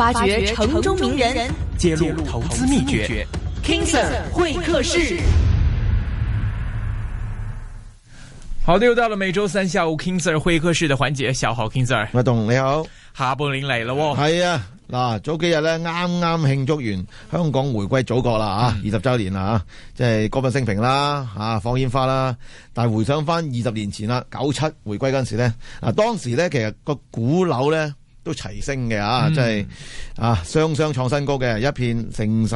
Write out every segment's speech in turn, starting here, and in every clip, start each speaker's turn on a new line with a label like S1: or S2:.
S1: 發掘城中名人，揭露投資秘訣 King Sir,。King Sir 會客室，好，又到了每周三下午 King Sir 會客室的環節，小好 King Sir，阿棟你好，下半年嚟了喎，哦，係、嗯，啊，嗱，早幾日咧啱啱慶
S2: 祝完香港回歸祖國啦啊，二十周年啦啊，即係歌舞升平啦啊，放煙花啦，但係回想翻二十年前啦，九七回歸嗰陣時咧，啊，當時咧其實個股樓，咧。都齊升嘅、嗯就是、啊，即係啊，雙雙創新高嘅，一片盛世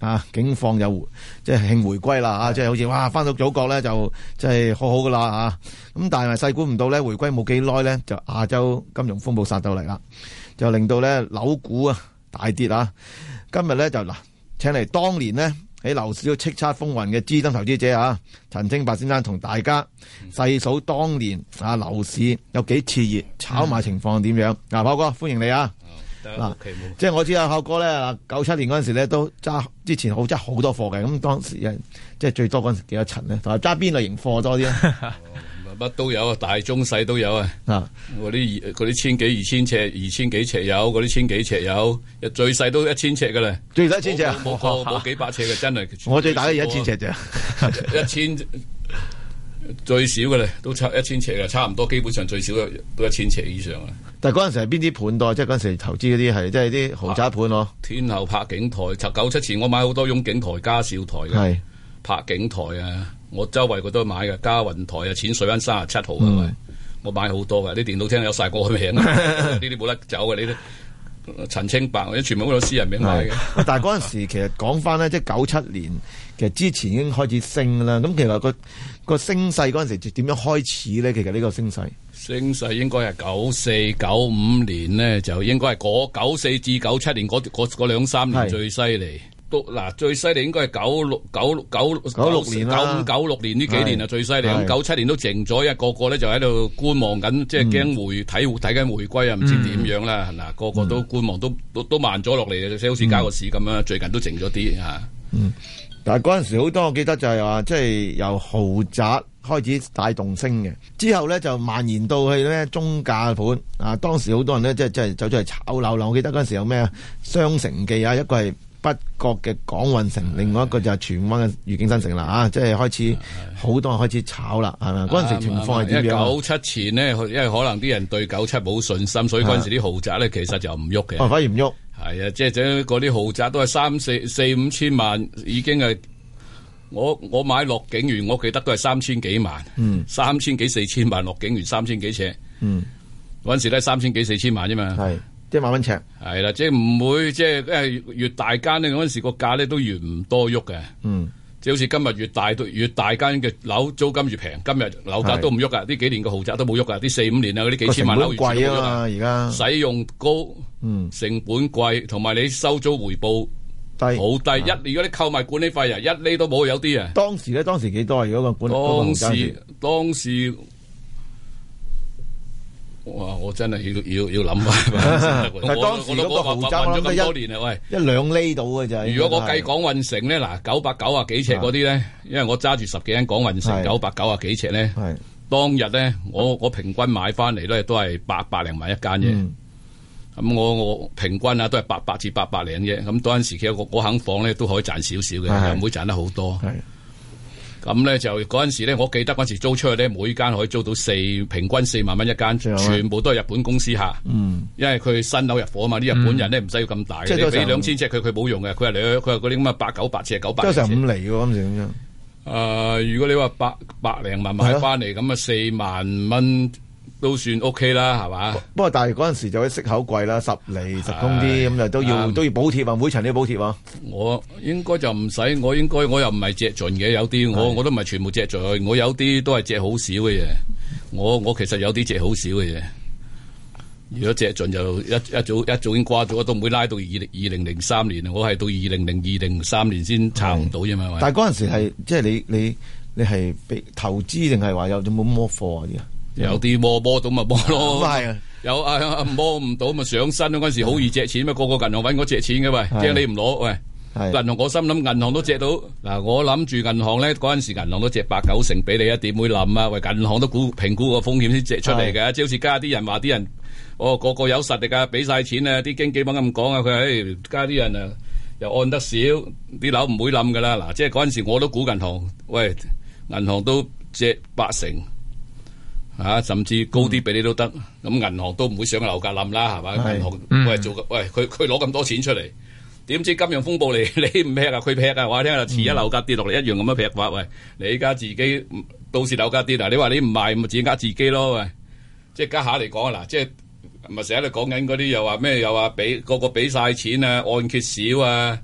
S2: 啊，景況又即係慶回歸啦、就是、啊，即、就、係、是、好似哇，翻到祖國咧就即係、就是、好好噶啦啊，咁但係細估唔到咧，回歸冇幾耐咧就亞洲金融風暴殺到嚟啦，就令到咧樓股啊大跌啊，今日咧就嗱、啊，請嚟當年呢。喺樓市都叱咤風雲嘅資深投資者啊，陳清白先生同大家細數當年啊樓市有幾熾熱，炒賣情況點樣？啊，炮哥歡迎你啊！嗱，即係我知阿炮哥咧，九七年嗰陣時咧都揸之前好揸好多貨嘅，咁當時即係最多嗰陣時幾多層咧？同埋揸邊類型貨多啲咧？
S3: 乜都有啊，大中細都有啊。嗰啲二啲千幾二千尺，二千幾尺有，嗰啲千幾尺有，最細都一千尺噶啦。
S2: 最低一千尺啊！冇
S3: 冇幾百尺嘅，真係。我最大嘅一千尺啫，一千最少嘅咧都差一千尺嘅，差唔多，基本上最少都一千尺以上啊。
S2: 但係嗰陣時係邊啲盤多啊？即係嗰陣時投資嗰啲係即係啲豪宅盤咯。
S3: 天后拍景台，九七前，我買好多雍景台加小台嘅，是拍景台啊。我周圍佢都買嘅，嘉雲台啊，淺水灣三十七號係咪？是是我買好多嘅，啲電腦廳有晒我名，呢啲冇得走嘅，呢啲陳清白，或者全部都私人名買
S2: 嘅。但係嗰陣時， 其實講翻咧，即係九七年，其實之前已經開始升啦。咁其實、嗰個、嗰個升勢嗰陣時點樣開始咧？其實呢個升勢，
S3: 升勢應該係九四九五年咧，就應該係九四至九七年嗰嗰兩三年最犀利。都嗱最犀利應該係九六九九九六年九五九六年呢幾年啊是最犀利。咁九七年都靜咗一個個咧就喺度觀望緊，嗯、即係驚回睇睇緊回歸啊唔知點樣啦係嘛、嗯、個個都觀望、嗯、都都慢咗落嚟，啊，好似膠個市咁啊最近都靜咗啲吓。
S2: 但係嗰陣時好多，我記得就係話即係由豪宅開始帶動升嘅，之後呢就蔓延到去呢中價盤啊。當時好多人呢，即係即係走出嚟炒樓啦。我記得嗰陣時有咩雙城記啊，一個係。北角嘅港運城，另外一個就係荃灣嘅愉景新城啦，啊，即係開始好的多人開始炒啦，係咪嗰陣時情況係點樣？九
S3: 七前呢，因為可能啲人對九七冇信心，所以嗰陣時啲豪宅咧其實就唔喐嘅，反而唔喐。係啊，即係嗰啲豪宅都係三四四五千萬，已經係我我買落景園，我記得都係三千幾萬，嗯、三千幾四千萬，落景園三千幾尺，嗰陣、嗯、時都係三千幾四千萬啫嘛，係的。一萬蚊尺係啦，即係唔會，即係越越大間咧嗰陣時個價咧都越唔多喐嘅。嗯，即係好似今日越大越大間嘅樓租金越平。今日樓價都唔喐噶，呢是幾年個豪宅都冇喐噶，啲四五年啊嗰啲幾千萬樓越嚟越少咗，而家使用高，嗯，成本貴，同埋你收租回報低，好低。一的如果你購買管理費啊，一厘都冇，有啲啊。
S2: 當時咧，當時幾多啊？如果個管理嗰個價？當時，
S3: 當時，當時。哇！我真係要要要諗啊！但 係我 當時咗那咁多年啊，喂，
S2: 一兩厘度嘅就係。如果我計
S3: 港運城咧，嗱，是的 九百九啊幾尺嗰啲咧，因為我揸住十幾間港運城，是的 九百九啊幾尺咧，是的 當日咧我我平均買翻嚟咧都係八百零萬一間啫。咁、嗯、我我平均啊都係八百至八百零啫。咁嗰陣時其實我我,我肯放咧都可以賺少少嘅，又唔會賺得好多。咁咧就嗰陣時咧，我記得嗰陣時租出去咧，每間可以租到四，平均四萬蚊一間，全部都係日本公司嚇。嗯，因為佢新樓入伙啊嘛，啲日本人咧唔使要咁大嘅，你俾兩千尺佢佢冇用嘅，佢話嚟佢話嗰啲咁啊八九百尺，九百尺。即係成五釐喎咁樣。啊，如果你話百百零萬買翻嚟咁啊，四的、嗯、萬蚊。都算 OK 啦，係嘛？
S2: 不過但係嗰陣時就息口貴啦，十厘
S3: 十公啲咁就都要但都要補貼啊，每層都要補貼啊我應該。我應該就唔使，我應該我又唔係借盡嘅，有啲我的我都唔係全部借盡，我有啲都係借好少嘅嘢。我我其實有啲借好少嘅嘢。如果借盡就一一早一早已經掛咗，都唔會拉到二零二零零三年。我係到二零零二零三年先查唔到，咋嘛的。但係嗰陣時係
S2: 即係你你你係俾投資定係話有有冇摸貨啊？有
S3: 啲摸摸到咪摸咯，有啊摸唔到咪上身咯。嗰陣時好易借錢咩？個個銀行搵我借錢嘅喂，驚你唔攞喂。銀行我心諗銀行都借到。嗱，我諗住銀行咧，嗰陣時銀行都借八九成俾你一點會冧啊。喂，銀行都估評估個風險先借出嚟嘅。即好似加啲人話啲人，哦個個有實力噶，俾晒錢啊，啲經紀冇咁講啊。佢唉，加啲人啊又按得少，啲樓唔會冧噶啦。嗱，即係嗰陣時我都估銀行，喂，銀行都借八成。啊，甚至高啲俾你都得，咁、嗯嗯、銀行都唔會上樓價冧啦，係嘛？是銀行、嗯、喂做，喂佢，佢攞咁多錢出嚟，點知金融風暴嚟？你唔劈啊，佢劈啊！話聽下，遲一樓價跌落嚟一樣咁樣的劈法喂！你而家自己到時樓價跌嗱，你話你唔賣咪自己呃自己咯喂！即係家下嚟講啊嗱，即係咪成日喺度講緊嗰啲又話咩？又話俾個個俾晒錢啊，按揭少啊！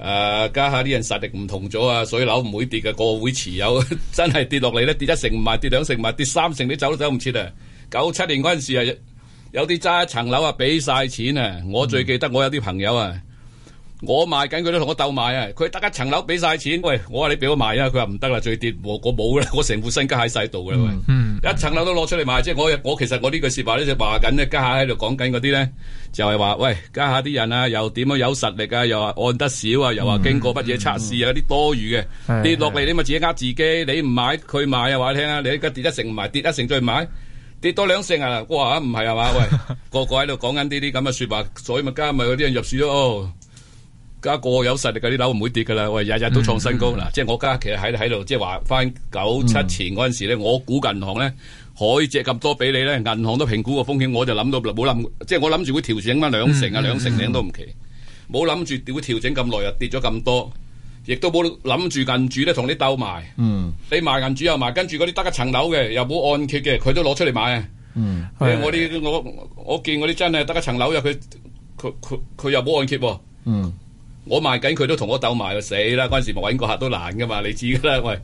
S3: 誒，家下啲人實力唔同咗啊，所以樓唔會跌嘅，個個會持有。真係跌落嚟咧，跌一成唔埋，跌兩成唔埋，跌三成你走都走唔切啊！九七年嗰陣時啊，有啲揸一層樓啊，畀晒錢啊！我最記得我有啲朋友啊。嗯我賣緊，佢都同我鬥買啊！佢得一層樓俾晒錢，喂，我話你俾我賣啊！佢話唔得啦，最跌，我冇啦，我成副身家喺晒度嘅咪，喂嗯嗯、一層樓都攞出嚟賣，即係我我其實我呢句話說話咧就話緊咧，家下喺度講緊嗰啲咧，就係、是、話喂，家下啲人啊又點樣有實力啊，又話按得少啊，又話經過乜嘢測試啊，啲、嗯嗯、多餘嘅跌落嚟你咪自己呃自己，你唔買佢買啊！話你聽啊，你而家跌一成唔買，跌一成再買，跌多兩成啊！哇，唔係啊嘛，喂， 個個喺度講緊呢啲咁嘅說話，所以咪加埋咪啲人入市咯。哦家個有實力嘅啲樓唔會跌㗎啦，我日日都創新高喇。即係我家其實喺喺度，即係話翻九七前嗰陣時咧，我估銀行咧可以借咁多俾你咧，銀行都評估個風險，我就諗到啦，冇諗，即係我諗住會調整翻兩成啊，兩成零都唔奇。冇諗住會調整咁耐又跌咗咁多，亦都冇諗住銀主咧同你鬥埋。你賣銀主又賣，跟住嗰啲得一層樓嘅又冇按揭嘅，佢都攞出嚟買啊。我啲我我見我啲真係得一層樓又佢佢佢又冇按揭喎。嗯。我賣緊佢都同我鬥埋，死啦！嗰陣時冇揾個客都難噶嘛，你知噶啦，喂。咁、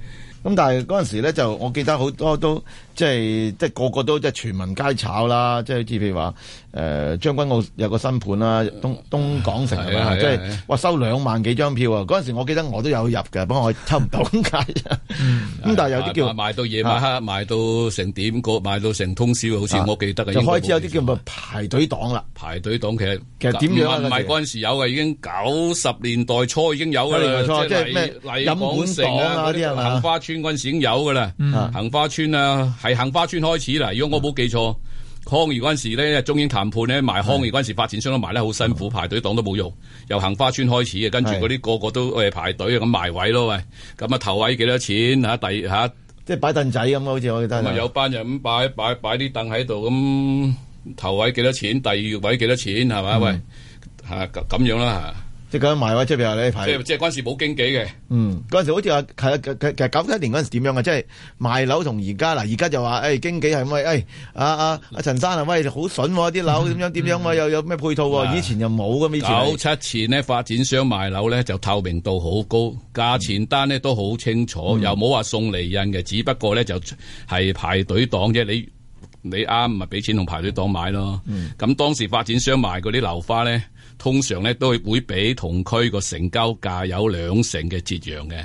S3: 嗯、但係嗰
S2: 陣時咧，就我記得好多都。即係即係個個都即係全民皆炒啦！即係好似譬如話誒，將軍澳有個新盤啦，東東港城係咪？即係話收兩萬幾張票啊！嗰陣時我記得我都有入嘅，不過我抽唔到咁解。咁但係有啲叫賣到夜晚黑，
S3: 賣到成點個，賣到成通宵，好似我記得嘅。就開始有啲叫咪排隊黨啦。排隊黨其實其實點樣啊？唔係嗰陣時有嘅，已經九十年代初已經有嘅啦。即係咩？東港城啊，嗰啲啊，杏花村嗰陣時已經有嘅啦。杏花村啊，係杏花村開始啦，如果我冇記錯，嗯、康怡嗰陣時咧，中英談判咧賣康怡嗰陣時，發展商都賣得好辛苦，嗯、排隊黨都冇用。由杏花村開始嘅，跟住嗰啲個個都誒排隊咁是埋位咯，喂，咁啊頭位幾多錢嚇、啊？第嚇，
S2: 啊、即係擺凳仔咁好似我記得。有
S3: 班人咁擺擺擺啲凳喺度，咁頭位幾多錢？第二位幾多錢？係咪？嗯、喂，嚇、啊、咁樣啦嚇。即咁賣
S2: 話，即係譬如你排，即係即
S3: 係嗰陣時冇經紀嘅。嗯，嗰
S2: 陣時好似話係啊，其其實九七年嗰陣時點樣、哎樣哎、啊？即係賣樓同而家嗱，而家就話誒，經紀係咪誒？阿阿阿陳生啊，喂、啊，好筍啲樓點樣點樣啊？又、嗯、有咩配套、啊啊以？以前又冇噶。九
S3: 七前咧，發展商賣樓咧就透明度好高，價錢單呢都好清楚，嗯、又冇話送嚟印嘅，只不過咧就係、是、排隊檔啫。你。你啱咪俾錢同排隊黨買咯，咁、嗯、當時發展商賣嗰啲樓花咧，通常咧都會會俾同區個成交價有兩成嘅折讓嘅，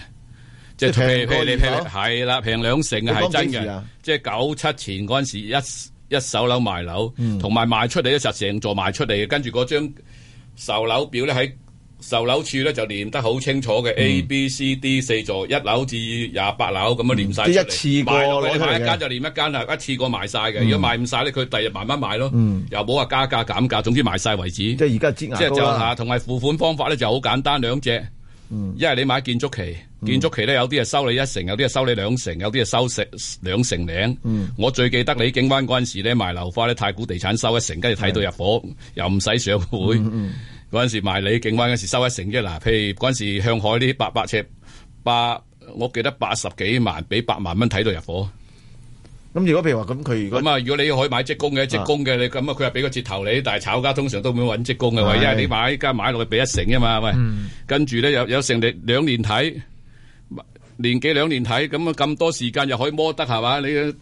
S3: 即係平你平係啦，平兩成係真嘅，即係九七前嗰陣時一一手樓賣樓，同埋、嗯、賣出嚟一實成座賣出嚟，跟住嗰張售樓表咧喺。售樓處咧就念得好清楚嘅、嗯、A B, C, D,、B、C、D 四座一樓至廿八樓咁樣念晒，一次過賣，賣一間就念一間啊，一次過賣晒嘅。如果賣唔晒咧，佢第日,日慢慢賣咯，嗯、又冇話加價減價，總之賣晒為止。即係而家即係就同埋付款方法咧就好簡單，兩隻。嗯，一係你買建築期，建築期咧有啲係收你一成，有啲係收你兩成，有啲係收兩成兩成零。嗯、我最記得李景灣嗰陣時咧賣樓花咧，太古地產收一成，跟住睇到入伙，是又唔使上會。嗯嗯嗯嗰陣時賣你景灣嗰時收一成啫，嗱，譬如嗰陣時向海呢八百尺八，我記得八十幾萬俾八萬蚊睇到入伙。咁如果譬如話咁佢，咁啊，如果你可以買職工嘅，職工嘅你咁啊，佢係俾個折頭你，但係炒家通常都唔會揾職工嘅，因為你買而家買落去俾一成啊嘛，咪，跟住咧有有成年兩年睇，年幾兩年睇，咁啊咁多時間又可以摸得係嘛，你。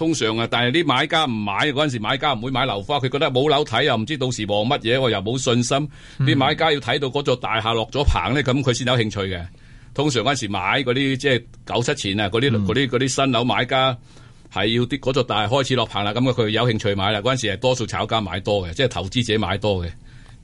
S3: 通常啊，但係啲買家唔買嗰陣時，買家唔會買樓花，佢覺得冇樓睇又唔知到時望乜嘢，我又冇信心。啲、嗯、買家要睇到嗰座大廈落咗棚咧，咁佢先有興趣嘅。通常嗰陣時買嗰啲即係九七前啊，嗰啲啲啲新樓買家係要啲嗰座大廈開始落棚啦，咁佢有興趣買啦。嗰陣時係多數炒家買多嘅，即、就、係、是、投資者買多嘅，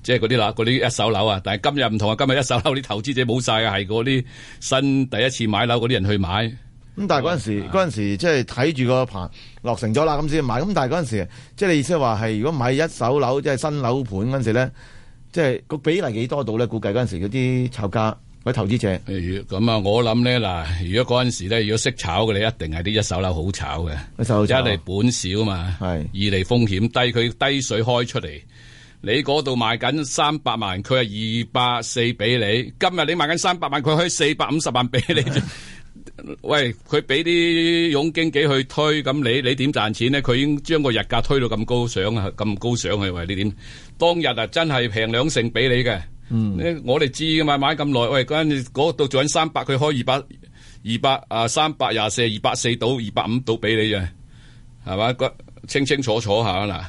S3: 即係嗰啲嗱啲一手樓啊。但係今日唔同啊，今日一手樓啲投資者冇晒啊，係嗰啲新第一次買樓嗰啲人去買。
S2: 咁但係嗰陣時，陣喂時即係睇住個盤落成咗啦，咁先買。咁但係嗰陣時，即、就、係、是、你意思話係如果買一手樓，即、就、係、是、新樓盤嗰陣時咧，即、就、係、是、個比例幾多度咧？估計嗰陣時嗰啲炒家嗰啲投資者，
S3: 咁、嗯、啊，我諗咧嗱，如果嗰陣時咧，如果識炒嘅你，一定係啲一手樓好炒嘅，一手樓，一嚟本少啊嘛，係的二嚟風險低，佢低水開出嚟，你嗰度賣緊三百萬，佢係二百四俾你，今日你賣緊三百萬，佢可以四百五十萬俾你。的 喂，佢俾啲佣經紀去推，咁你你點賺錢咧？佢已經將個日價推到咁高上啊，咁高上去。喂，你點當日啊，真係平兩成俾你嘅。嗯，我哋知噶嘛，買咁耐。喂，嗰陣你嗰到做緊三百，佢開二百二百啊，三百廿四，二百四到二百五到俾你嘅，係嘛？清清楚楚吓嗱。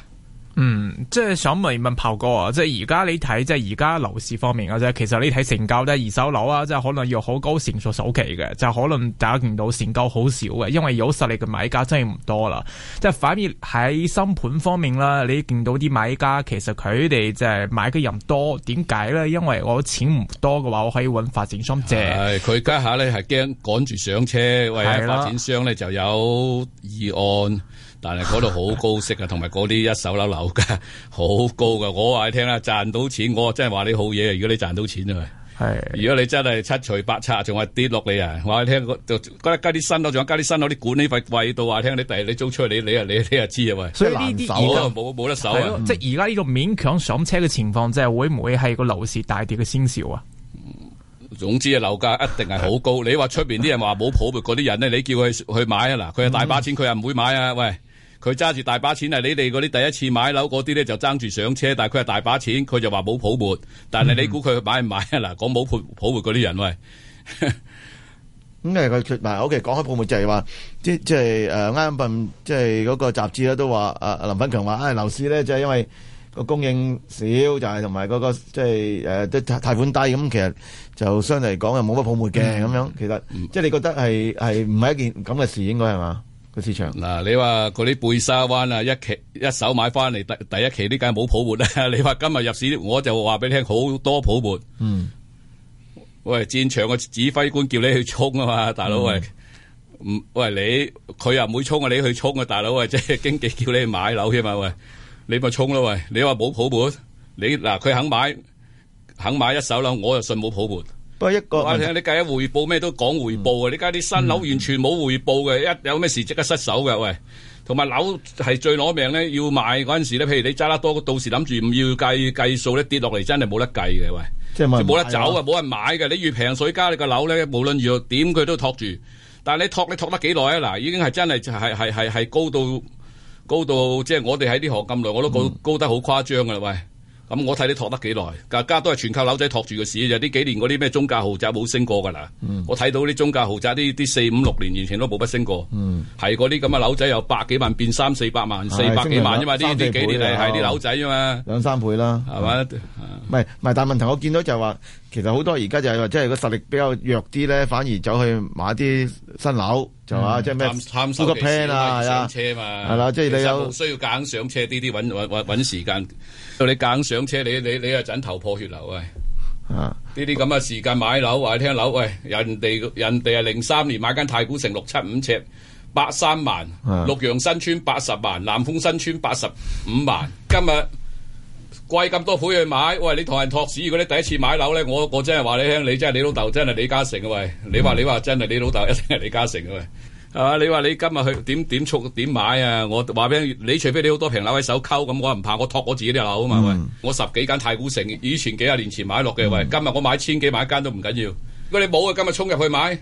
S1: 嗯，即係想問問炮哥啊，即係而家你睇，即係而家樓市方面嘅啫。其實你睇成交咧，二手樓啊，即係可能要好高成數首期嘅，就可能大家見到成交好少嘅，因為有實力嘅買家真係唔多啦。即係反而喺新盤方面啦，你見到啲買家，其實佢哋即係買嘅人多。點解咧？因為我錢唔多嘅話，我可以揾發展商借。
S3: 係佢家下咧係驚趕住上車，或者的發展商咧就有議案。但係嗰度好高息啊，同埋嗰啲一手樓樓價好高噶。我話你聽啦，賺到錢，我真係話你好嘢啊。如果你賺到錢啊，係是。如果你真係七除八拆，仲係跌落嚟啊！話你聽，就加加啲新樓，仲有加啲新樓啲管理費貴到話聽，你第日你租出去，你啊你你啊知啊喂，所以呢啲啊，冇冇好在得手啊。的嗯、即係
S1: 而家呢個勉強上車嘅情況，即係會唔會係個樓市大跌嘅先
S3: 兆啊？總之啊，樓價一定係好高。 你話出邊啲人話冇泡沫嗰啲人呢，你叫佢去買啊嗱，佢係 大把錢，佢又唔會買啊喂。佢揸住大把錢啊！你哋嗰啲第一次買樓嗰啲咧就爭住上車，但係佢係大把錢，佢就話冇泡沫。但係你估佢買唔買啊？嗱，講冇泡泡沫嗰啲人喂，
S2: 咁啊佢唔係。OK，講開泡沫就係話，即即係誒，啱啱即係嗰個雜誌咧都話，阿阿林奮強話，啊樓市咧即係因為個供應少，就係同埋嗰個即係誒啲貸款低，咁其實就相對嚟講又冇乜泡沫嘅咁樣。其實即係你覺得係係唔係一件咁嘅事，應該係嘛？個市場
S3: 嗱、啊，你話嗰啲貝沙灣啊，一期一手買翻嚟，第第一期呢間冇泡沫咧。 你話今日入市，我就話俾你聽，好多泡沫。嗯，喂，戰場個指揮官叫你去衝啊嘛，大佬、嗯、喂，唔喂你，佢又唔會衝啊，你去衝啊，大佬啊，即係、就是、經紀叫你去買樓啫嘛。喂，你咪衝咯喂，你話冇泡沫，你嗱佢、啊、肯買肯買一手樓，我就信冇泡沫。不過一個，啊，你計一回報咩都講回報啊。嗯、你家啲新樓完全冇回報嘅，嗯、一有咩事即刻失手嘅，喂。同埋樓係最攞命咧，要買嗰陣時咧，譬如你揸得多，到時諗住唔要計計數咧，跌落嚟真係冇得計嘅，喂。即係冇得走啊，冇人買嘅的。你越平水加你個樓咧，無論如何點佢都托住。但係你托你托得幾耐啊？嗱，已經係真係係係係係高到高到，即係我哋喺啲行咁耐，我都覺高,、嗯、高得好誇張噶啦，喂。咁、嗯、我睇你托得幾耐？大家都係全靠樓仔托住個市，就呢幾年嗰啲咩中價豪宅冇升過㗎啦。嗯、我睇到啲中價豪宅，呢啲四五六年完全都冇不升過，係嗰啲咁嘅樓仔由百幾萬變三四百萬、是四百幾萬啫嘛。呢呢量這幾年係啲樓仔啊嘛，
S2: 兩三倍啦，係嘛吧？唔係唔係，嗯、是但問題我見到就係話。其實好多而家就係、是、話，即係個實力比較弱啲咧，反而走去買啲新樓，嗯、
S3: 就啊，即係咩？貪貪心嘅事，上車嘛，係啦，即係你有需要揀上車這些這些，呢啲揾揾揾時間。到你揀上車，你你你啊，就頭破血流喂。啊，呢啲咁嘅時間買樓或者聽樓，喂，人哋人哋係零三年買間太古城六七五尺，八三萬；綠楊新村八十萬；南豐新村八十五萬。今日。貴咁多倍去買，喂！你同人托市，如果你第一次買樓咧，我我真係話你聽，你真係你老豆，真係李嘉誠啊喂！你話你話真係你老豆一定係李嘉誠啊喂，係嘛？你話你今日去點點速點買啊？我話俾你除非你好多平樓喺手溝咁，我唔怕，我托我自己啲樓啊嘛喂！我十幾間太古城，以前幾廿年前買落嘅喂，今日我買千幾萬一間都唔緊要。如果你冇啊，今日沖入去買。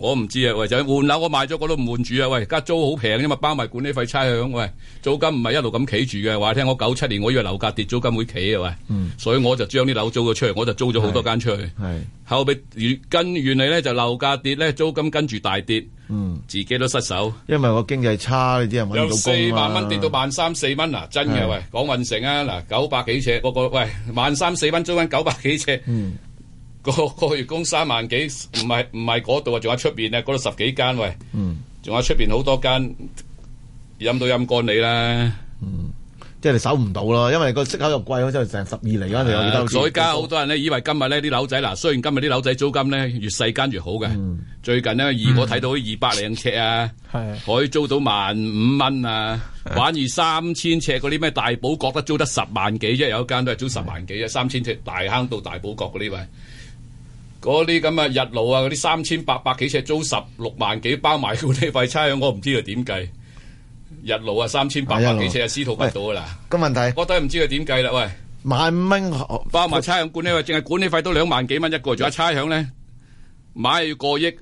S3: 我唔知啊，或者換樓，我賣咗我都唔換住啊。喂，而家租好平，因為包埋管理費差餉。喂，租金唔係一路咁企住嘅。話聽我九七年，我以為樓價跌，租金會企嘅喂，嗯、所以我就將啲樓租咗出嚟，我就租咗好多間出去。係後尾跟原嚟咧就樓價跌咧，租金跟住大跌，嗯、自己都失手。
S2: 因為我經濟差，啲人揾唔到工由四萬蚊跌到
S3: 萬三四蚊嗱，真嘅是喂，講運城啊！嗱，九百幾尺，個個喂萬三四蚊租金，九百幾尺。嗯。個個月供三萬幾，唔係唔係嗰度啊？仲有出邊啊？嗰度十幾間喂，仲有出邊好多間，飲到飲乾你啦。
S2: 嗯，即係你守唔到咯，因為個息口又貴，好似成十二厘啦。有，所以而家好
S3: 多人咧，以為今日咧啲樓仔，嗱，雖然今日啲樓仔租金咧越細間越好嘅，最近咧二我睇到二百零尺啊，可以租到萬五蚊啊，反而三千尺嗰啲咩大寶閣都租得十萬幾啫，有一間都係租十萬幾啊，三千尺大坑道大寶閣嗰啲位。嗰啲咁，啊日路啊，嗰啲三千八百幾尺租十六萬幾，包埋管理費差餉，我唔知佢點計日路啊，三千八百幾尺啊，司徒唔到啦，咁問題我都係唔知佢點計啦喂，
S2: 萬五元蚊
S3: 包埋差餉管理，淨係管理費都兩萬幾蚊一個，仲有差餉呢，買要過億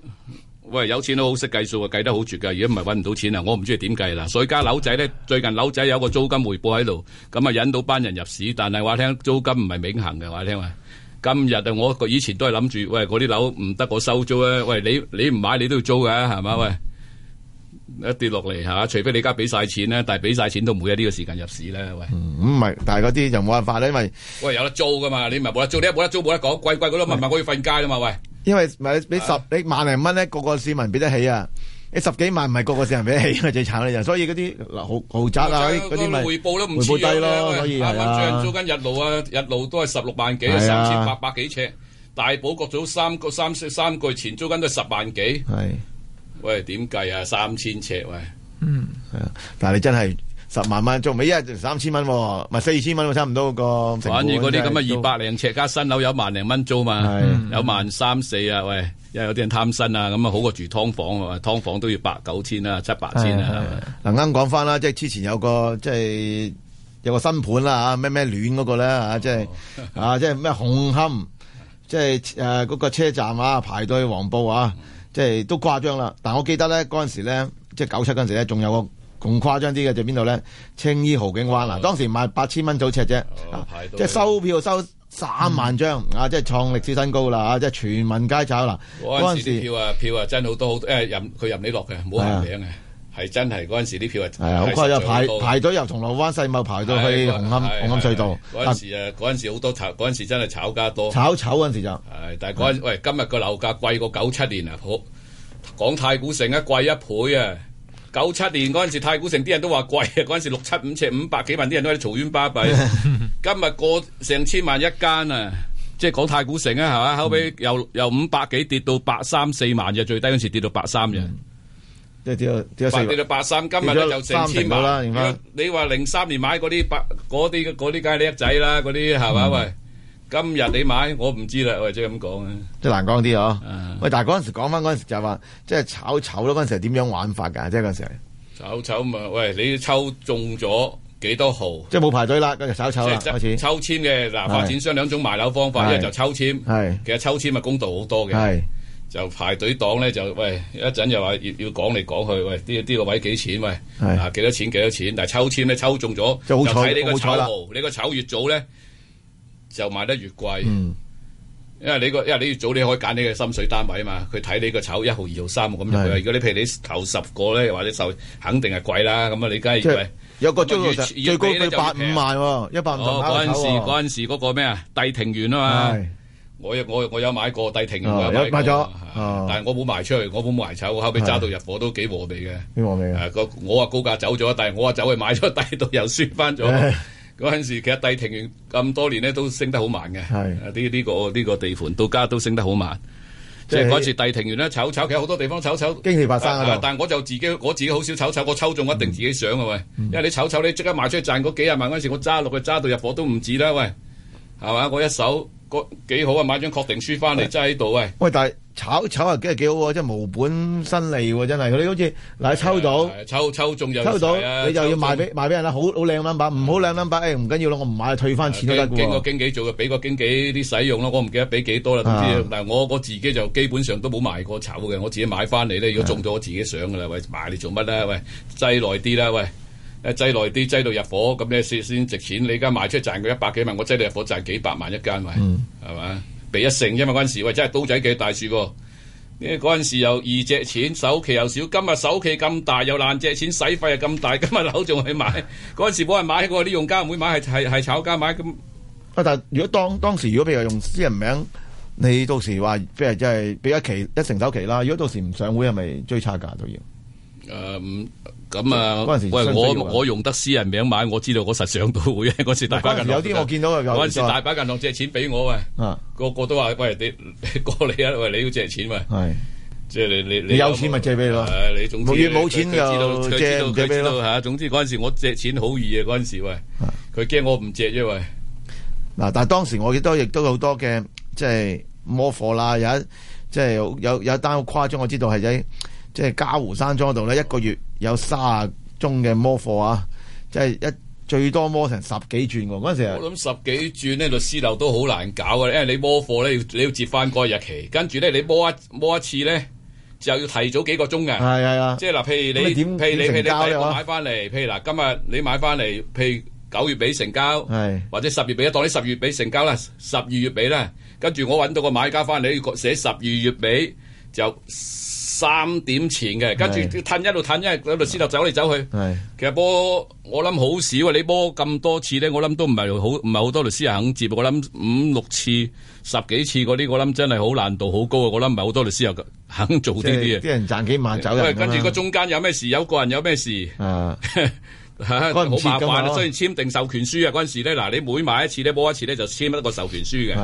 S3: 喂，有錢都好識計數啊，計得好絕噶，如果唔係揾唔到錢啊，我唔知佢點計啦。所以家樓仔咧，最近樓仔有個租金回報喺度，咁啊引到班人入市，但係話聽租金唔係永恆嘅話聽啊。今日啊，我以前都係諗住，喂，嗰啲樓唔得，我收租咧。喂，你你唔買，你都要租噶，係嘛？喂，一跌落嚟吓，除非你而家俾晒錢咧，但係俾晒錢都唔會有呢個時間入市咧，喂。
S2: 唔係，但係嗰啲就冇辦法咧，因為
S3: 喂有得租噶嘛，你唔係冇得租，你冇得租冇得講，貴貴嗰啲咪咪可以瞓街啦嘛，喂。
S2: 因為咪俾十俾萬零蚊咧，個個市民俾得起啊。啲十幾萬唔係個個成人俾你起，最慘嘅人。所以嗰啲豪豪宅啊，嗰啲咪回報都唔止咯。所以啊，阿溫租
S3: 緊日路啊，日路都係十六萬幾，三千八百幾尺。大寶各組三個、三、三個月前租金都係十萬幾。
S2: 係、
S3: 啊，喂，點計啊？三千尺喂，
S2: 嗯，係啊。但係你真係。十萬蚊租，咪一日三千蚊，咪、哦、四千蚊，差唔多個。反而嗰啲咁嘅二
S3: 百零尺加新樓有萬零蚊租嘛，是有萬三四啊！喂，因為有啲人貪身啊，咁啊好過住劏房啊，劏房都要八九千啊，七八千啊。
S2: 嗱吧，啱講翻啦，即係之前有個即係有個新盤啦，咩咩暖嗰、那個咧，即係 啊，即係咩紅磡，即係誒嗰個車站啊，排隊黃埔啊，即係都誇張啦。但我記得咧嗰陣時咧，即係九七嗰陣時咧，仲有個。咁誇張啲嘅就邊度咧？青衣豪景灣嗱，當時賣八千蚊一呎啫，即係收票收三萬張啊！即係創歷史新高啦嚇，即係全民皆炒啦。嗰陣時
S3: 票啊票啊真好多好多，誒任佢任你落嘅，唔好限名嘅，係真係嗰陣時啲票係啊好誇張，排排
S2: 隊由銅鑼灣世貿排到去紅磡紅磡隧道嗰陣時
S3: 啊，嗰陣好多炒，嗰時真係炒家多，炒炒嗰陣時就係但係嗰陣喂，今日個樓價貴過九七年啊，講太古城一貴一倍啊！九七年嗰陣時，太古城啲人都話貴啊！嗰陣時六七五尺，五百幾萬啲人都喺度嘈冤巴閉。 今日過成千萬一間啊！即係講太古城啊，係嘛？嗯、後尾由由五百幾跌到百三四萬，就最低嗰時跌到百三，又、嗯、跌到跌到跌到百三。今日跌了 又成千萬。你話零三年買嗰啲百嗰啲啲，梗係叻仔啦！嗰啲係嘛喂？今日你買我唔知啦，喂即係咁講
S2: 啊，即係難講啲啊。喂，但係嗰陣時講翻嗰陣時就係話，即係炒籌咯。嗰陣時係點樣玩法噶？即係嗰陣時，
S3: 炒籌咪喂，你抽中咗幾多號？即
S2: 係冇排隊啦，跟住炒籌開始
S3: 抽籤嘅。嗱，發展商兩種賣樓方法，一就抽籤，係其實抽籤咪公道好多嘅，係就排隊檔咧就喂，一陣又話要要講嚟講去，喂呢呢個位幾錢喂，係啊幾多錢幾多錢？但係抽籤咧抽中咗，就睇你個籌號，你個籌越早咧，就賣得越貴，因為你個，因為呢越早你可以揀你嘅深水單位啊嘛，佢睇你個炒一號、二號、三咁入去。如果你譬如你頭十個咧，或者頭肯定係貴啦。咁啊，你梗係貴。有個中意就最高八五萬，一百五嗰陣時嗰陣時個咩啊？帝庭園啊嘛，我我我有買過帝庭園，買咗，但係我冇賣出去，我冇賣炒，後尾揸到入貨都幾和味
S1: 嘅，
S3: 我啊高價走咗，但係我啊走去買咗，但度又輸翻咗。嗰陣時，其實帝庭園咁多年咧，都升得好慢嘅。係的，啲呢、啊呢個呢、呢個地盤到家都升得好慢。即係嗰陣時帝庭園咧炒炒，其實好多地方炒炒驚起白山啊。啊啊但係我就自己，我自己好少炒炒，我抽中一定自己上嘅喂。嗯、因為你炒炒你即刻賣出去賺嗰幾廿萬，嗰陣時我，我揸落去揸到入夥都唔止啦喂。係嘛？我一手個幾好啊，買張確定書翻嚟揸喺度喂。喂，
S2: 呃、喂，但係。炒炒又幾係幾好喎？即係無本生利喎！真係佢
S3: 好似嗱、啊、
S2: 抽到了，
S3: 抽抽中又、啊、抽到中，你又要
S2: 賣俾賣俾人啦！好好靚冧把，唔好靚冧把，誒唔緊要啦，我唔買，退翻錢得、啊。經個
S3: 經，經紀做嘅，俾個經紀啲使用啦。我唔記得俾幾多啦，都唔知。嗱、啊，我我自己就基本上都冇賣過炒嘅。我自己買翻嚟咧，如果中咗，啊、我自己上噶啦。喂，賣你做乜啊？喂，擠耐啲啦。喂，誒擠耐啲，擠到入伙咁你先先值錢。你而家賣出去賺佢一百幾萬，我擠你入伙賺幾百萬一間喂，係咪、嗯？俾一成啫嘛，嗰陣時喂，真係刀仔鋸大樹喎，呢嗰陣時又易借錢，首期又少，今日首期咁大又難借錢，使費又咁大，今日樓仲去買？嗰陣時冇人買嘅喎，啲用家唔會買，係係係炒家買咁。
S2: 啊！但係如果當當時如果譬如用私人名，你到時話即係即係俾一期一成首期啦，如果到時唔上會係咪追差價都要？誒、嗯
S3: 咁啊！陣時，喂，我我用得私人名買，我知道我實上到會啊。時大把有啲我見到啊，有啲陣時大把銀行借錢俾我喂，個個都話喂你過嚟啊！喂你要借錢嘛？係，即係你你你有錢咪借俾咯。六月冇錢又借借咩咯？吓，總之嗰陣時我借錢好易啊！嗰陣時喂，佢驚我唔借，因為
S2: 嗱，但係當時我亦都亦都好多嘅，即係摸貨啦，有一即係有有有單好誇張，我知道係喺即係嘉湖山莊度咧一個月。有卅鐘嘅摩貨啊，即係一最多摸成十幾轉喎。嗰陣時我
S3: 諗十幾轉呢，律師樓都好難搞啊。因為你摩貨咧，你要接翻個日期，跟住咧你摸一摸一次咧，就要提早幾個鐘嘅。係係啊，即係嗱，譬如你，你譬如你，你譬如你買翻嚟，譬如嗱，今日你買翻嚟，譬如九月尾成交，係的或者十月尾，一當你十月尾成交啦，十二月尾啦，跟住我揾到個買家翻嚟，要寫十二月尾就。三點前嘅，跟住褪一路褪，因為嗰啲律師又走嚟走去。的其實波我諗好少啊。你波咁多次咧，我諗都唔係好，唔係好多律師又肯接。我諗五六次、十幾次嗰啲，我諗真係好難度好高啊！我諗唔係好多律師又肯做呢啲啊。
S2: 啲人賺幾萬走人。跟住個
S3: 中間有咩事，有個人有咩事，好的 麻煩。所以簽訂授權書啊，嗰陣時咧，嗱你每買一次咧，波一次咧，就簽一個授權書嘅。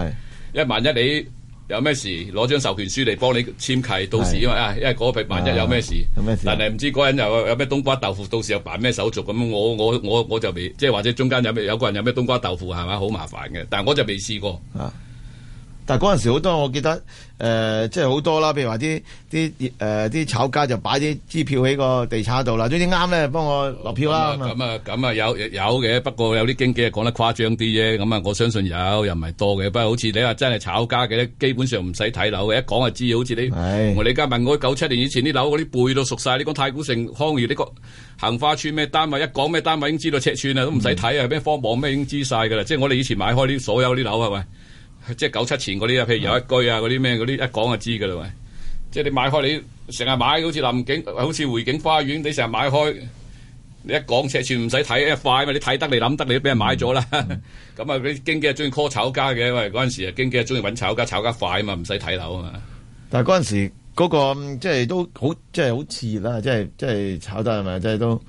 S3: 因為的萬一你。有咩事攞張授權書嚟幫你簽契，到時啊的、哎，因為嗰個譬萬一有咩事，啊有事啊、但係唔知嗰人又有咩冬瓜豆腐，到時又辦咩手續咁，我我我我就未，即係或者中間有咩有個人有咩冬瓜豆腐係咪？好麻煩嘅，但係我就未試過。啊
S2: 但係嗰陣時好多，我記得誒、呃，即係好多啦。譬如話啲啲誒啲炒家就擺啲支票喺個地產度啦。總之啱咧，幫我落票啦。咁
S3: 啊，咁啊有有嘅，不過有啲經紀係講得誇張啲啫。咁啊，我相信有，又唔係多嘅。不過好似你話真係炒家嘅咧，基本上唔使睇樓嘅，一講就知。好似你我哋而家問我九七年以前啲樓嗰啲背都熟晒。你講太古城、康怡啲、呢個杏花村咩單位，一講咩單位已經知道尺寸啦，都唔使睇啊，咩、嗯、方榜咩已經知晒噶啦。即係我哋以前買開啲所有啲樓係咪？是即係九七前嗰啲啊，譬如有一居啊，嗰啲咩嗰啲一講就知噶啦。喂，即係你買開你成日買，好似林景，好似匯景花園，你成日買開，你一講尺寸唔使睇一塊嘛，你睇得，得你諗得你都俾人買咗啦。咁啊、嗯，嗰啲、 嗯、經紀啊中意 call 炒家嘅，因為，嗰陣時啊經紀啊中意搵炒家，炒家快啊嘛，唔使睇樓啊嘛。
S2: 但係嗰陣時嗰、嗰個即係、嗯即係、都好，即係好熾啦，即係即係炒得係咪？即、就、係、是、都。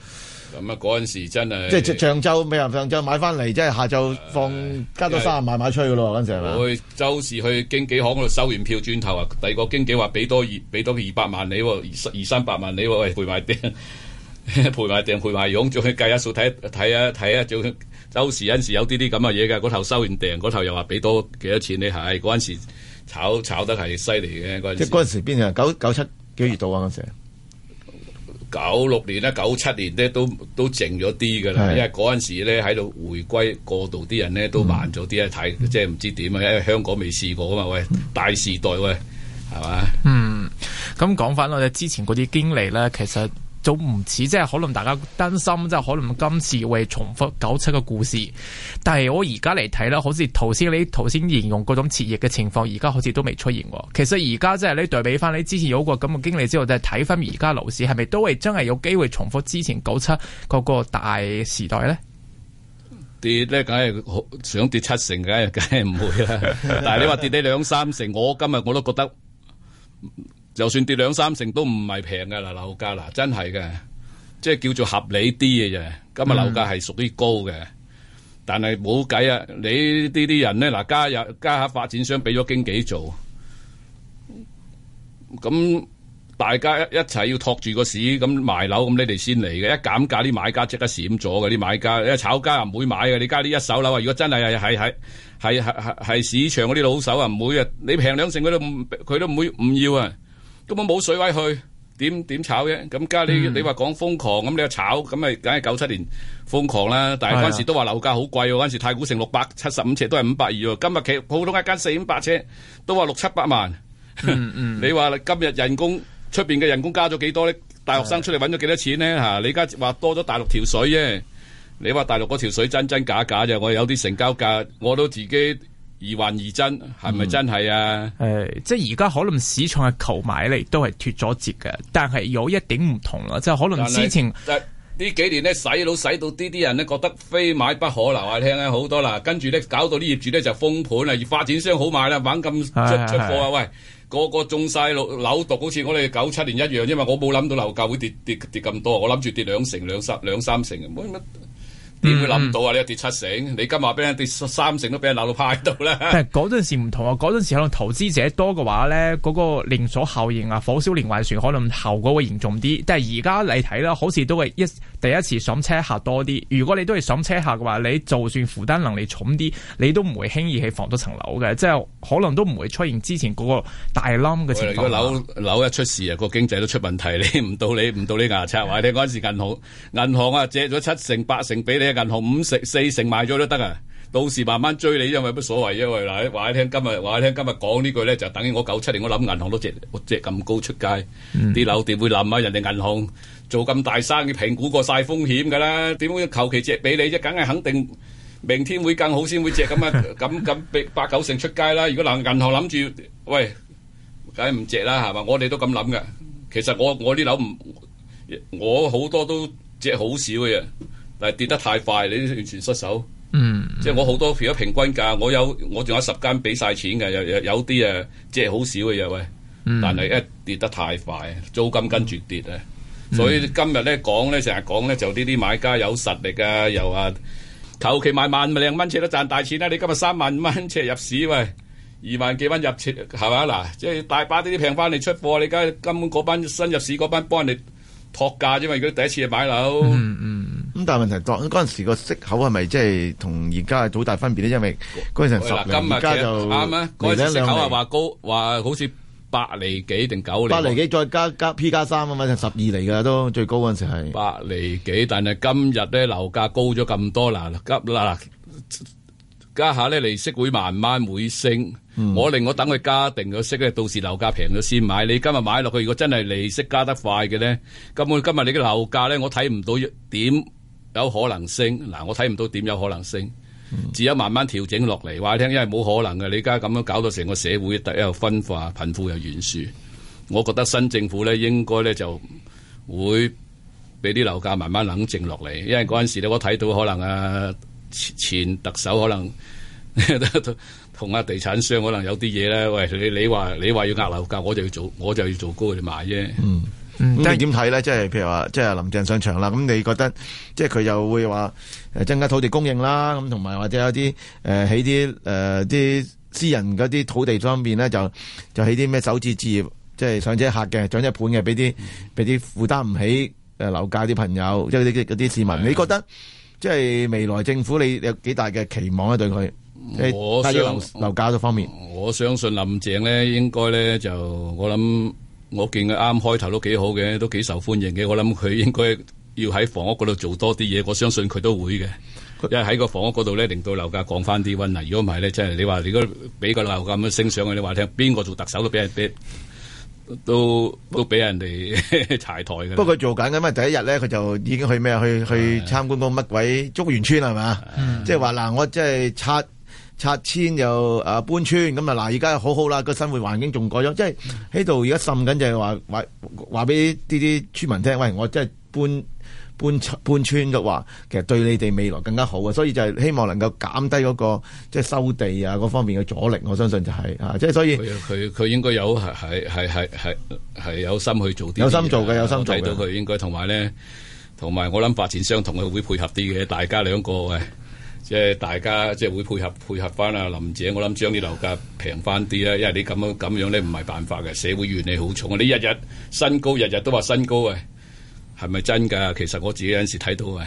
S3: 咁啊！嗰陣時真係即係
S2: 上晝，咪啊上晝買翻嚟，即係下晝放加多三十萬為買出去噶咯。嗰陣時係咪？我
S3: 周時去經紀行嗰度收完票轉頭啊，第二個經紀話俾多二俾多二百萬你、哦，二二三百萬你、哦，喂，賠埋訂，賠埋訂，賠埋佣，仲去計下數睇睇啊睇啊，周時有陣時有啲啲咁嘅嘢噶。嗰頭收完訂，嗰頭又話俾多幾多錢你係。嗰陣時炒炒得係犀利嘅。時即係嗰陣
S2: 時邊啊？九九七幾月到啊？嗰陣時。
S3: 九六年啦，九七年咧都都靜咗啲嘅啦，是的 因為嗰陣時咧喺度回歸過渡，啲人咧都慢咗啲一睇，即係唔知點啊，因為香港未試過啊嘛，喂，大時代喂，係嘛？
S1: 嗯，咁講翻我哋之前嗰啲經歷咧，其實。就唔似，即係可能大家擔心，即係可能今次會重複九七嘅故事。但係我而家嚟睇啦，好似頭先你頭先形容嗰種熾熱嘅情況，而家好似都未出現。其實而家即係你對比翻你之前有過咁嘅經歷之後，就係睇翻而家樓市係咪都係真係有機會重複之前九七嗰個大時代咧？
S3: 跌咧，梗係想跌七成，梗係梗係唔會啦。 但係你話跌你兩三成，我今日我都覺得。就算跌兩三成都唔係平嘅啦，樓價嗱真係嘅，即係叫做合理啲嘅啫。今日樓價係屬於高嘅，嗯、但係冇計啊！你呢啲人咧嗱，加入加下發展商俾咗經紀做，咁大家一一齊要托住個市，咁賣樓咁你哋先嚟嘅。一減價啲買家即刻閃咗嘅啲買家，一炒家唔會買嘅。你加啲一手樓啊，如果真係係係係係係市場嗰啲老手啊，唔會啊你平兩成佢都佢都唔會唔要啊！根本冇水位去，點點炒啫？咁家你你話講瘋狂，咁、嗯、你又炒，咁咪梗係九七年瘋狂啦。但係嗰時都話樓價好貴喎，嗰時太古城六百七十五尺都係五百二喎，今日其實普通一間四五百尺都話六七百萬。嗯嗯、 你話今日人工出邊嘅人工加咗幾多咧？大學生出嚟搵咗幾多錢呢？吓的，你家話多咗大陸條水啫？你話大陸嗰條水真真假假啫？我有啲成交價我都自己。二幻二真，係咪、嗯、真係啊？誒、
S1: 哎，即係而家可能市場嘅購買力都係脱咗節嘅，但係有一點唔同啦，即係可能之前
S3: 呢幾年咧洗腦洗到啲啲人咧覺得非買不可留，留下聽啊好多啦，跟住咧搞到啲業主咧就封盤啊，而發展商好賣啦，猛咁出哎哎哎出貨啊，喂，個個中晒樓樓毒，好似我哋九七年一樣因為嘛，我冇諗到樓價會跌跌跌咁多，我諗住跌兩成兩三兩,兩,兩,兩,兩三成嘅。點會諗唔到啊？呢一跌七成，你今日俾人跌三成都俾人扭到趴喺度啦！
S1: 嗰陣時唔同啊，嗰陣時可能投資者多嘅話咧，嗰、嗰個連鎖效應啊，火燒連環船可能效果會嚴重啲。但係而家你睇啦，好似都係一第一次上車客多啲。如果你都係上車客嘅話，你就算負擔能力重啲，你都唔會輕易去防到層樓嘅，即、就、係、是、可能都唔會出現之前嗰個大冧嘅情況。個樓
S3: 樓一出事啊，嗰個經濟都出問題。你唔到的你唔到你牙刷壞你嗰陣時銀行銀行啊借咗七成八成俾你。銀行五成、四成賣咗都得啊，到時慢慢追你，因為乜所謂？因為嗱，話你聽今日，話你聽今日講呢句咧，就等於我九七年我諗銀行都借借咁高出街，啲樓點會諗啊？人哋銀行做咁大生意，評估過晒風險噶啦，點會求其借俾你啫？梗係肯定明天會更好先會借咁啊，咁咁俾八九成出街啦。如果樓銀行諗住喂，梗係唔借啦，係嘛？我哋都咁諗噶。其實我我啲樓唔，我好多都借好少嘅。但係，跌得太快，你完全失手。嗯，即係我好多，如果平均價，我有我仲有十間俾晒錢嘅，有有啲啊，即係好少嘅嘢喂。嗯、但係一跌得太快，租金跟住跌啊。嗯、所以今日咧講咧，成日講咧就呢啲買家有實力啊，又話，求其買萬零蚊尺都賺大錢啦，啊。你今日三萬五蚊尺入市喂，二萬幾蚊入市係咪嗱？即係大把啲啲平翻嚟出貨。你而家根本嗰班新入市嗰班幫人哋托價啫嘛。如果第一次買樓，嗯
S2: 嗯。嗯咁但係問題，當嗰陣時個息口係咪即係同而家係好大分別咧？因為嗰陣時十零，而家就啱啊！嗰陣息口係話
S3: 高，話好似八厘幾定九厘。八厘幾
S2: 再加加 P 加三啊，嘛，就十二厘噶，都最高嗰陣時係。
S3: 八厘幾，但係今日咧樓價高咗咁多嗱，今嗱嗱，家下咧利息會慢慢會升。我令我等佢加定個息咧，到時樓價平咗先買。你今日買落去，如果真係利息加得快嘅咧，根本今日你嘅樓價咧，我睇唔到點。有可能升，嗱我睇唔到點有可能升，只有慢慢調整落嚟。話你聽，因為冇可能嘅，你而家咁樣搞到成個社會第一又分化，貧富又懸殊。我覺得新政府咧，應該咧就會俾啲樓價慢慢冷靜落嚟。因為嗰陣時咧，我睇到可能啊前特首可能同 啊地產商可能有啲嘢咧，喂你你話你話要壓樓價，我就要做，我就要做高佢哋賣啫。即、嗯、你點睇咧？即係
S2: 譬如話，即係林鄭上場啦。咁你覺得，即係佢又會話誒增加土地供應啦，咁同埋或者有啲誒起啲誒啲私人嗰啲土地方面咧，就就起啲咩首次置業，即、就、係、是、上車客嘅，上車盤嘅，俾啲俾啲負擔唔起誒樓價啲朋友，即係嗰啲啲市民。的你覺得即係、就是、未來政府你有幾大嘅期望咧、啊？對佢相，對樓樓價嗰方面，
S3: 我相信林鄭咧，應該咧就我諗。我見佢啱開頭都幾好嘅，都幾受歡迎嘅。我諗佢應該要喺房屋嗰度做多啲嘢，我相信佢都會嘅。因為喺個房屋嗰度咧，令到樓價降翻啲溫。嗱，如果唔係咧，即係你話，如果俾個樓價咁樣升上去，你話聽，邊個做特首都俾人俾都都俾人哋柴不 台。不過
S2: 做緊嘅，因第一日咧，佢就已經去咩去去參觀個乜鬼竹園村係嘛？ 嗯、即係話嗱，我即係拆。拆遷又誒搬村，咁啊嗱，而家好好啦，個生活環境仲改咗，即係喺度而家滲緊就係話話話俾啲啲村民聽，喂，我真係搬搬搬村嘅話，其實對你哋未來更加好嘅，所以就係希望能夠減低嗰、嗰個即係收地啊嗰方面嘅阻力，我相信就係、係、啊，即係所以佢
S3: 佢佢應該有係係係係係有心去做啲有心做嘅，有心做嘅，睇到佢應該同埋咧，同埋我諗發展商同佢會配合啲嘅，大家兩個喂。即係大家即係會配合配合翻啊！林姐，我諗將啲樓價平翻啲啊！因為你咁樣咁樣咧唔係辦法嘅，社會怨氣好重啊！你日日新高，日日都話新高啊，係咪真噶？其實我自己有陣時睇到啊，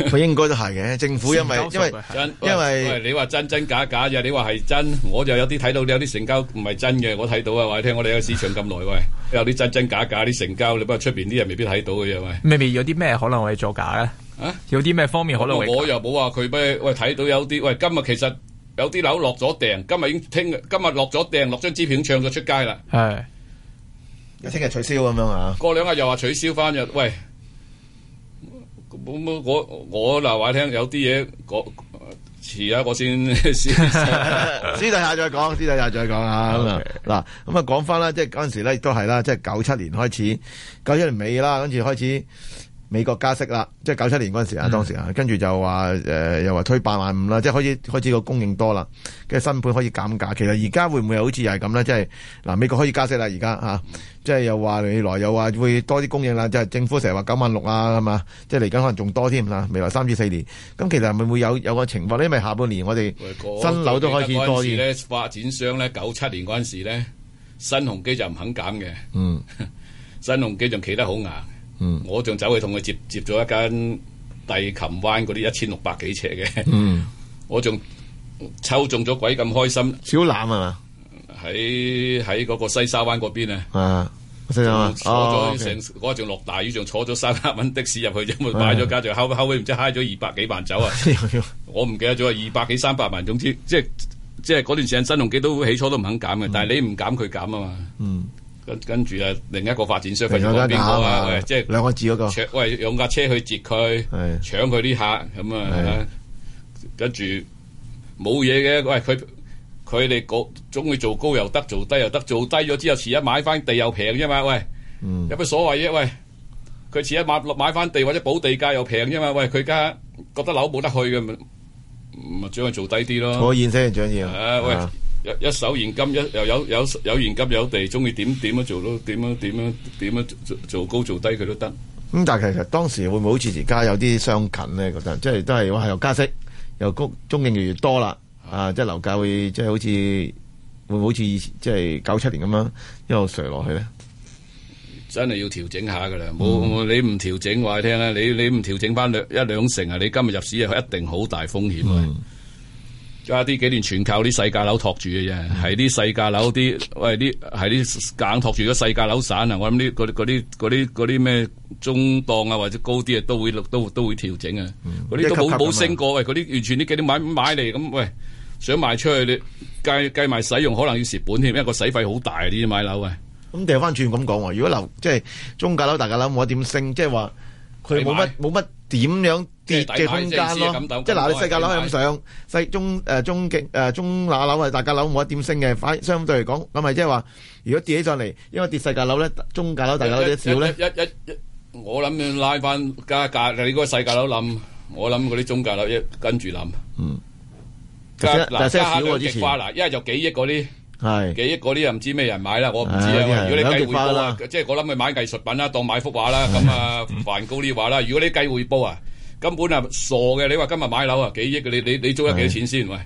S2: 佢應該都係嘅。 政府因為
S3: 因為真因為你話真真假假嘅，你話係真，我就有啲睇到你有啲成交唔係真嘅，我睇到啊！話聽我哋喺市場咁耐喂，有啲真真假假啲成交，你不過出邊啲人未必睇到嘅嘢喂。未
S1: 未有啲咩可能我哋作假啊。啊，有啲咩方面可能我
S3: 又冇話佢咩，喂，睇到有啲，喂，今日其實有啲樓落咗訂，今日已經聽，今日落咗訂，落張支票唱咗出街啦。係
S2: 的，有聽日取消咁樣啊，
S3: 過兩日又話取消翻又，喂，我我嗱話聽，有啲嘢，我遲下我 先，
S2: 私底下再講，私底下再講啊。嗱，咁啊講翻啦，即係嗰陣時咧，亦都係啦，即係九七年開始，九七年尾啦，跟住開始。美國加息啦，即係九七年嗰陣時啊，嗯、當時啊，跟住就話誒、呃，又話推八萬五啦，即係開始開始個供應多啦，嘅新盤可以減價。其實而家會唔會好似又係咁咧？即係嗱、啊，美國可以加息啦，而家嚇，即係又話未來又話會多啲供應啦、啊，即係政府成日話九萬六啊，咁嘛？即係嚟緊可能仲多添啦，未來三至四年。咁其實係咪會有有個情況咧？因為下半年我哋
S3: 新樓都開始多啲、哎。發展商咧，九七年嗰陣時咧，新鴻基就唔肯減嘅，嗯，新鴻基仲企得好硬。嗯，我仲走去同佢接接咗一間帝琴灣嗰啲一千六百幾尺嘅，我仲抽中咗鬼咁開心，超欖啊嘛，喺喺嗰個西沙灣嗰邊啊，
S2: 西沙灣啊，坐咗成
S3: 嗰仲落大雨，仲坐咗三百蚊的士入去，因為買咗架，就後後尾唔知揩咗二百幾萬走啊，我唔記得咗，二百幾三百萬，總之即係即係嗰段時間新鴻基都起初都唔肯減嘅，但係你唔減佢減啊嘛。跟跟住啊，另一個發展商，佢又講邊個啊？即係
S2: 兩個字嗰
S3: 個，喂，用架車去截佢，搶佢啲客，咁啊，跟住冇嘢嘅，喂，佢佢哋個總會做高又得，做低又得，做低咗之後，遲一買翻地又平啫嘛，喂，有乜所謂啫？喂，佢遲一買買翻地或者補地價又平啫嘛，喂，佢而家覺得樓冇得去嘅，咪咪將佢做低啲咯。坐完先，蔣燕。一手現金一又有有有現金有地，鍾意，點點樣做都點樣點樣點樣做高做低佢都得。咁、
S2: 嗯、但係其實當時會唔會好似而家有啲相近咧？覺得即係都係話又加息，又供供應越嚟越多啦。啊，啊即係樓價會即係、就是、好似會唔會好似以前即係九七年咁樣一路衰落去咧？
S3: 真係要調整下㗎啦！冇、嗯、你唔調整話你聽啦，你你唔調整翻兩一,一兩成啊！你今日入市又一定好大風險啊！嗯加啲幾年全靠啲細價樓托住嘅啫，係啲細價樓啲，喂啲係啲硬托住，如果細價樓散啊，我諗呢嗰啲啲啲咩中檔啊或者高啲啊都會都都，都會調整啊，嗰啲都冇升過，喂嗰啲完全呢幾年買買嚟咁，喂想賣出去你計計埋使用可能要蝕本添，因為個使費好大啲買樓啊。
S2: 咁掉翻轉咁講啊，如果樓即係中價樓、大價樓我點升，即係話。佢冇乜冇乜點樣跌嘅空間咯，即係嗱，你細價樓係咁上，細中誒中極誒中那樓啊，大價樓冇乜點升嘅，反相對嚟講咁咪即係話，如果跌起上嚟，因為跌細價樓咧，中價樓大價樓少咧。一
S3: 一一，我諗要拉翻加價，你嗰個細價樓冧，我諗嗰啲中價樓要跟住冧。嗯，家嗱家下個逆化嗱，一係就幾億嗰啲。係是幾億嗰啲又唔知咩人買啦，我唔知啊的。喂，如果你計回報啊，即係我諗佢買藝術品啦，當買幅畫啦。咁的啊梵高啲畫啦，如果你計回報啊，根本啊傻嘅。你話今日買樓啊，幾億嘅，你你你租咗幾多錢先的喂？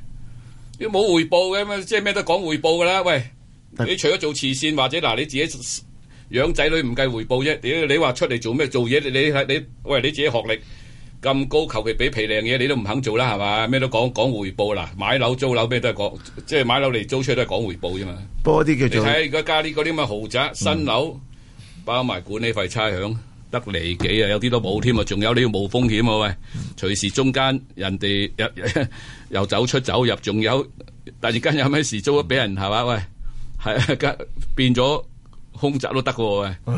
S3: 你冇回報嘅咩？即係咩都講回報噶啦。喂，你除咗做慈善或者嗱，你自己養仔女唔計回報啫。你你話出嚟做咩？做嘢你你，你喂你自己學歷。咁高求其俾皮靚嘢，你都唔肯做啦，係嘛？咩都講講回報啦，買樓租樓咩都係講，即係買樓嚟租出去都係講回報啫嘛。
S2: 多啲叫做你睇而
S3: 家加啲嗰啲咁嘅豪宅新樓，包埋管理費差餉得嚟幾啊？有啲都冇添啊！仲有你要冇風險啊喂？隨時中間人哋又又走出走入，仲有突然間有咩事租咗俾人係嘛？喂，係啊，變咗。空宅都得喎喂，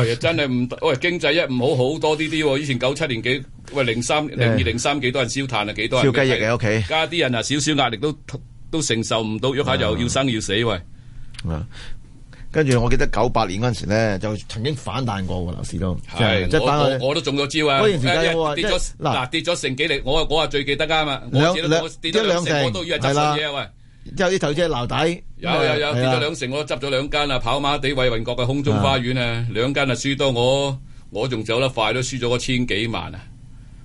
S3: 喂真係唔喂經濟一唔好好多啲啲喎，以前九七年幾喂零三零二零三幾多人燒炭啊，幾多人燒雞翼喺屋企，加啲人啊少少壓力都都承受唔到，喐下又要生要死喂。
S2: 跟住我記得九八年嗰陣時咧就曾經反彈過
S3: 嘅樓市咯，係，但我都中咗招啊，跌咗，嗱跌咗成幾厘，我我最記得啊嘛，我跌咗兩成，我都以係啦。
S2: 之後啲投資者留底，有有有跌咗的
S3: 兩成，的我執咗兩間啊，跑馬地衛雲閣嘅空中花園啊，是的 兩間啊輸多我，我仲走得快都輸咗千幾萬啊，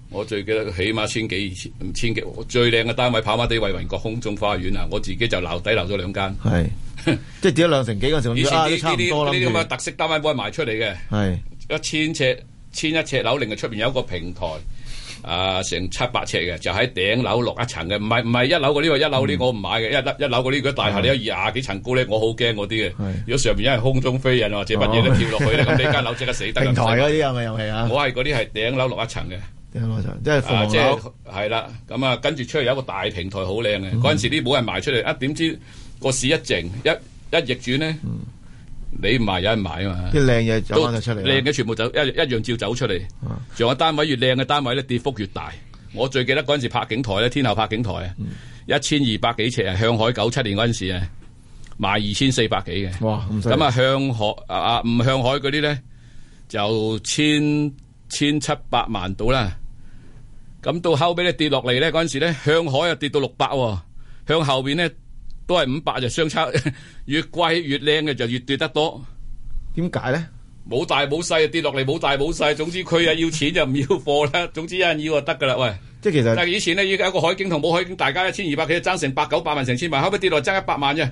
S3: 我最記得起碼千幾五千幾，最靚嘅單位跑馬地衛雲閣空中花園啊，我自己就留底留咗兩間，
S2: 係即係跌咗兩成幾嗰陣時，以前呢啲呢啲咁嘅
S3: 特色單位賣出嚟嘅，係的
S2: 一
S3: 千尺千一尺樓，另外出邊有一個平台。啊、呃，成七百尺嘅，就喺頂樓落一層嘅，唔係唔係一樓嗰啲一樓啲我唔買嘅。一樓，嗯、一樓嗰啲如果大廈有廿幾層高咧，我好驚嗰啲嘅。是如果上面有人空中飛人或者乜嘢都跳落去，咁呢間樓即刻死得。平台啲係咪
S2: 又係啊？我
S3: 係嗰啲係頂樓落一層嘅，
S2: 頂層即係
S3: 即係啦。咁啊，嗯嗯、跟住出去有一個大平台，好靚嘅。嗰陣、嗯、時啲冇人賣出嚟，啊，點知個市一靜一一,一逆轉咧。嗯你唔買有人買啊嘛！啲靚嘢走出嚟，靚嘅全部走一一樣照走出嚟。仲有單位越靚嘅單位咧，跌幅越大。我最記得嗰陣時拍景台咧，天后拍景台啊，一千二百幾尺啊，向海九七年嗰陣時啊，賣二千四百幾嘅。
S2: 哇！咁啊
S3: 向海啊唔向海嗰啲咧就千千七百萬到啦。咁到後尾咧跌落嚟咧嗰陣時咧，向海啊跌到六百喎，向後邊咧。都係五百就相差，越貴越靚嘅就越跌得多，
S2: 點解咧？
S3: 冇大冇細啊跌落嚟，冇大冇細，總之佢啊要錢就唔要貨啦，總之有人要就得噶啦喂。即係其實，但係以前咧依家，一個海景同冇海景，大家一千二百幾爭成八九百萬成千萬，後尾跌落嚟爭一百萬啫，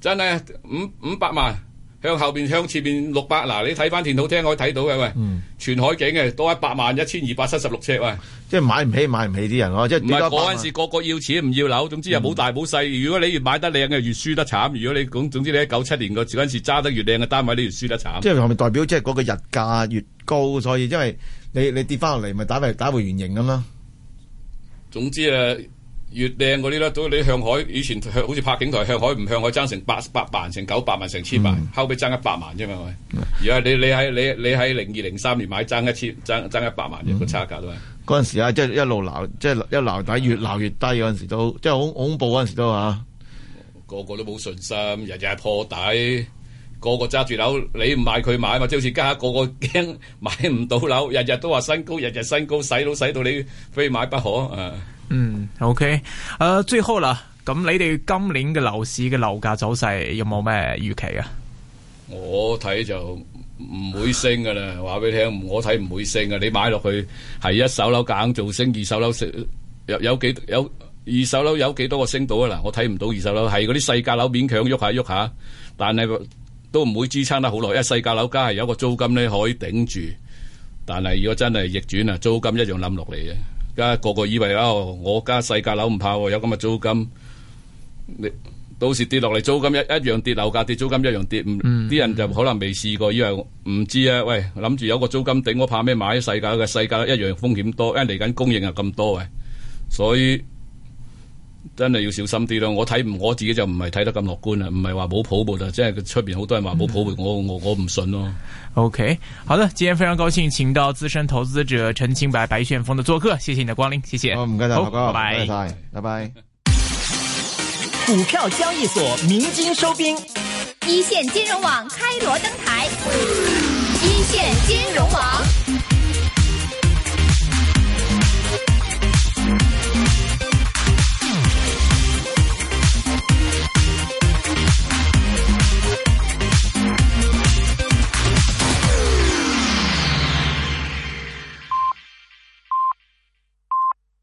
S3: 真係五五百萬。向後邊向前邊六百，嗱你睇翻，電腦廳可以睇到嘅喂，嗯、全海景嘅，多一百萬一千二百七十六尺喂，即係買唔起買唔起啲人咯，即係唔係嗰陣時個個要錢唔要樓，總之又冇大冇細，如果你越買得靚嘅越輸得慘，如果你咁總之你喺九七年嗰陣時揸得越靚嘅單位你越輸得慘。即係係咪
S2: 代表即係嗰個日價越高，所以因為你你跌翻落嚟咪打回打回原形咁咯，
S3: 總之誒。呃越靚嗰啲啦，都你向海以前好似拍景台向海唔向海爭成八,八百萬，成九百萬，成千萬，嗯、後尾爭一百萬啫嘛，而家、嗯、你你喺你你喺零二零三年買爭一千爭爭一百萬嘅，個、嗯、差價都係嗰
S2: 陣時啊，即、就、係、是、一路撈，即、就、係、是、一撈底越撈越低嗰陣時都、嗯、即係好恐怖嗰陣時都啊，
S3: 個個都冇信心，日日係破底，個個揸住樓，你唔買佢買嘛，即係好似家下個個驚買唔到樓，日日都話新高，日日新高，使到使到你非買不可啊！
S1: 嗯，OK，誒、uh,，最後啦，咁你哋
S3: 今年嘅樓市嘅
S1: 樓價走勢有冇咩預期啊？
S3: 我睇就唔會升噶啦，話俾 你聽，我睇唔會升噶。你買落去係一手樓夾硬做升，二手樓有有幾有二手樓有幾多個升到啊？嗱，我睇唔到二手樓係嗰啲細價樓勉強喐下喐下，但係都唔會支撐得好耐。一細價樓家係有一個租金咧可以頂住，但係如果真係逆轉啊，租金一樣冧落嚟嘅。而家個個以為啊、哦，我家細價樓唔怕，有咁嘅租金，你到時跌落嚟租金一一樣跌樓價，跌租金一樣跌，啲人就可能未試過，以為唔知啊，喂，諗住有個租金頂，我怕咩買細價嘅細價一樣風險多，因為嚟緊供應又咁多嘅，所以。真係要小心啲咯，我睇我自己就唔係睇得咁樂觀啦，唔係話冇泡沫就，即係出邊好多人話冇泡沫、嗯，我我我唔信咯、哦。
S1: OK，好啦，今天非常高興請到資深投資者陳清白白旋風的做客，謝謝你的光臨，謝謝。哦、謝謝好唔該晒拜拜，拜拜哥。
S3: 股票交易所
S1: 明金收兵，一線金融網開鑼登台，一線金融網。